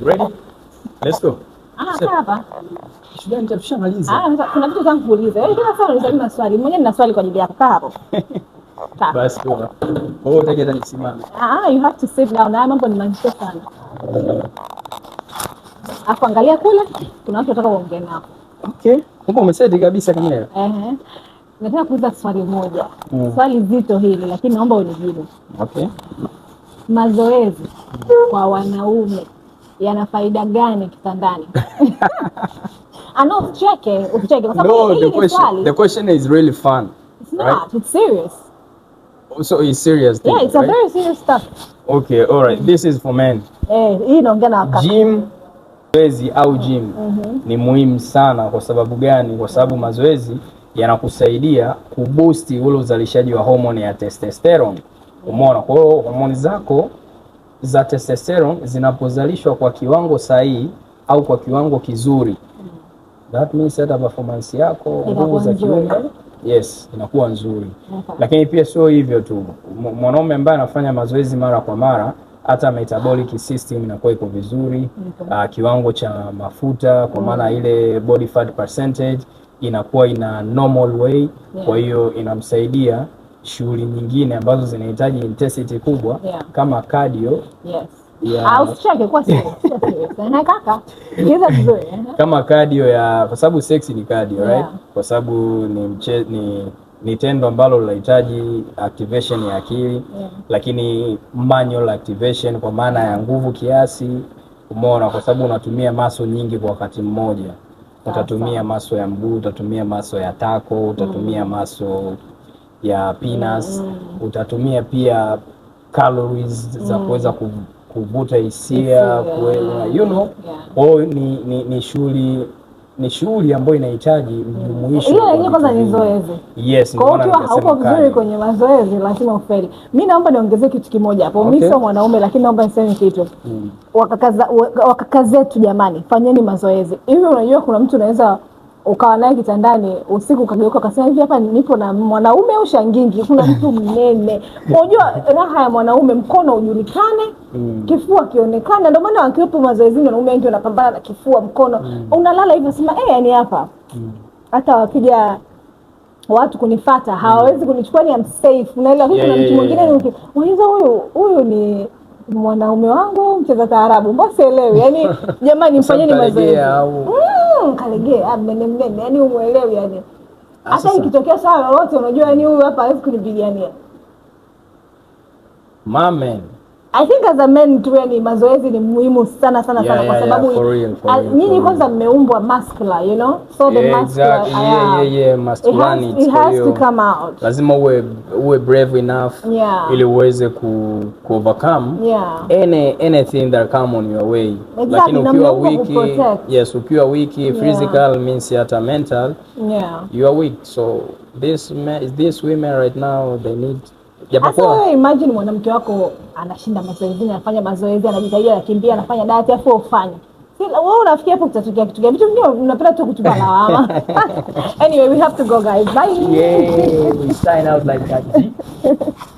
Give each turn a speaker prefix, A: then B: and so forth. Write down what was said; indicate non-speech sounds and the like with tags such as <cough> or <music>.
A: Ready? Let's go. Ah, ah, kuna vitu eh, nina swali kwa ajili <laughs> Ah,
B: ah mambo sana. kule, kuna watu wataka nao.
A: Okay. kabisa Eh.
B: Nataka kuuliza swali moja. Mm. Swali zito hili lakini naomba unijibu. Okay. Mazoezi mm, kwa wanaume yana faida gani kitandani? Ana <laughs> ucheke, ucheke. kwa
A: sababu hili ni The question is really fun. It's not, right? It's serious. So it's serious thing, Yeah, it's right?
B: a very serious stuff.
A: Okay, all right. This is for men.
B: Eh, hii inaongea na
A: wakati. Gym mazoezi au gym mm -hmm. ni muhimu sana kwa sababu gani? Kwa sababu mazoezi yanakusaidia kuboost ule uzalishaji wa homoni ya testosterone. Umeona? Kwa hiyo homoni zako za testosterone zinapozalishwa kwa kiwango sahihi au kwa kiwango kizuri, mm. that means hata performance yako,
B: nguvu za kiume
A: yes, inakuwa nzuri okay. Lakini pia sio hivyo tu, mwanaume ambaye anafanya mazoezi mara kwa mara hata metabolic system inakuwa iko vizuri okay. Uh, ah, kiwango cha mafuta kwa maana mm. ile body fat percentage inakuwa ina normal way yeah. Kwa hiyo inamsaidia shughuli nyingine ambazo zinahitaji intensity kubwa yeah. kama cardio yes.
B: Yeah. <laughs> Eh.
A: kama cardio ya kwa sababu sex ni cardio yeah. right? kwa sababu ni, mche, ni ni tendo ambalo linahitaji activation ya akili yeah. lakini manual activation kwa maana ya nguvu kiasi, umeona, kwa sababu unatumia maso nyingi kwa wakati mmoja. Utatumia maso ya mguu, utatumia maso ya tako, utatumia maso mm ya peanuts mm. Utatumia pia calories mm. za kuweza kuvuta hisia kuweza you know yeah. Ni, ni, ni shughuli ni shughuli ambayo inahitaji mm. mjumuisho. Hiyo yenyewe kwanza ni zoezi. Yes, kwa hiyo ukiwa hauko vizuri kwenye mazoezi lazima ufeli. Mimi naomba niongezee kitu kimoja hapo. Okay. Mimi sio mwanaume lakini naomba niseme kitu. Mm. Wakakaza wakakazetu jamani, fanyeni mazoezi. Hivi unajua kuna mtu anaweza ukawa naye kitandani usiku, ukageuka ukasema, hivi hapa nipo na mwanaume au shangingi? Kuna mtu <laughs> mnene. Unajua raha ya mwanaume, mkono ujulikane, mm. kifua kionekane. Ndio maana wakiwepo mazoezini wanaume wengi wanapambana na kifua, mkono mm. unalala hivyo, sema eh, yani hapa mm. hata mm. wakija watu kunifata mm. hawawezi kunichukua, ni am safe. Unaelewa kuna yeah, mtu mwingine yeah, yeah. unaweza huyu huyu ni mwanaume wangu mcheza taarabu, mbona sielewi. Yani <laughs> jamani, mfanyeni mazoezi au mm mkalegee mnene mnene, yani umwelewi, yani ah, hata ikitokea saa lolote unajua, yani huyu hapa hawezi kunipigania mame I think as a man tu yani mazoezi ni muhimu sana sana sana kwa sababu yeah, nyinyi kwanza mmeumbwa muscular, you know so the yeah, masculine exactly. yeah, yeah, yeah, masculinity it has, to come out. Lazima uwe uwe brave enough yeah. ili uweze ku, ku overcome yeah. any anything that come on your way Lakini ukiwa wiki yes, ukiwa wiki physical means hata mental yeah. you are weak so this men, these women right now they need Japokuwa wewe imagine mwanamke wako anashinda mazoezi, anafanya mazoezi, anajitahidi, anakimbia, anafanya diet afu ufanye. Wewe unafikia hapo kutatokea kitu gani? Vitu vingine unapenda tu kutupa lawama. <laughs> Anyway, we have to go guys. Bye. Yeah, we sign out like that. <laughs>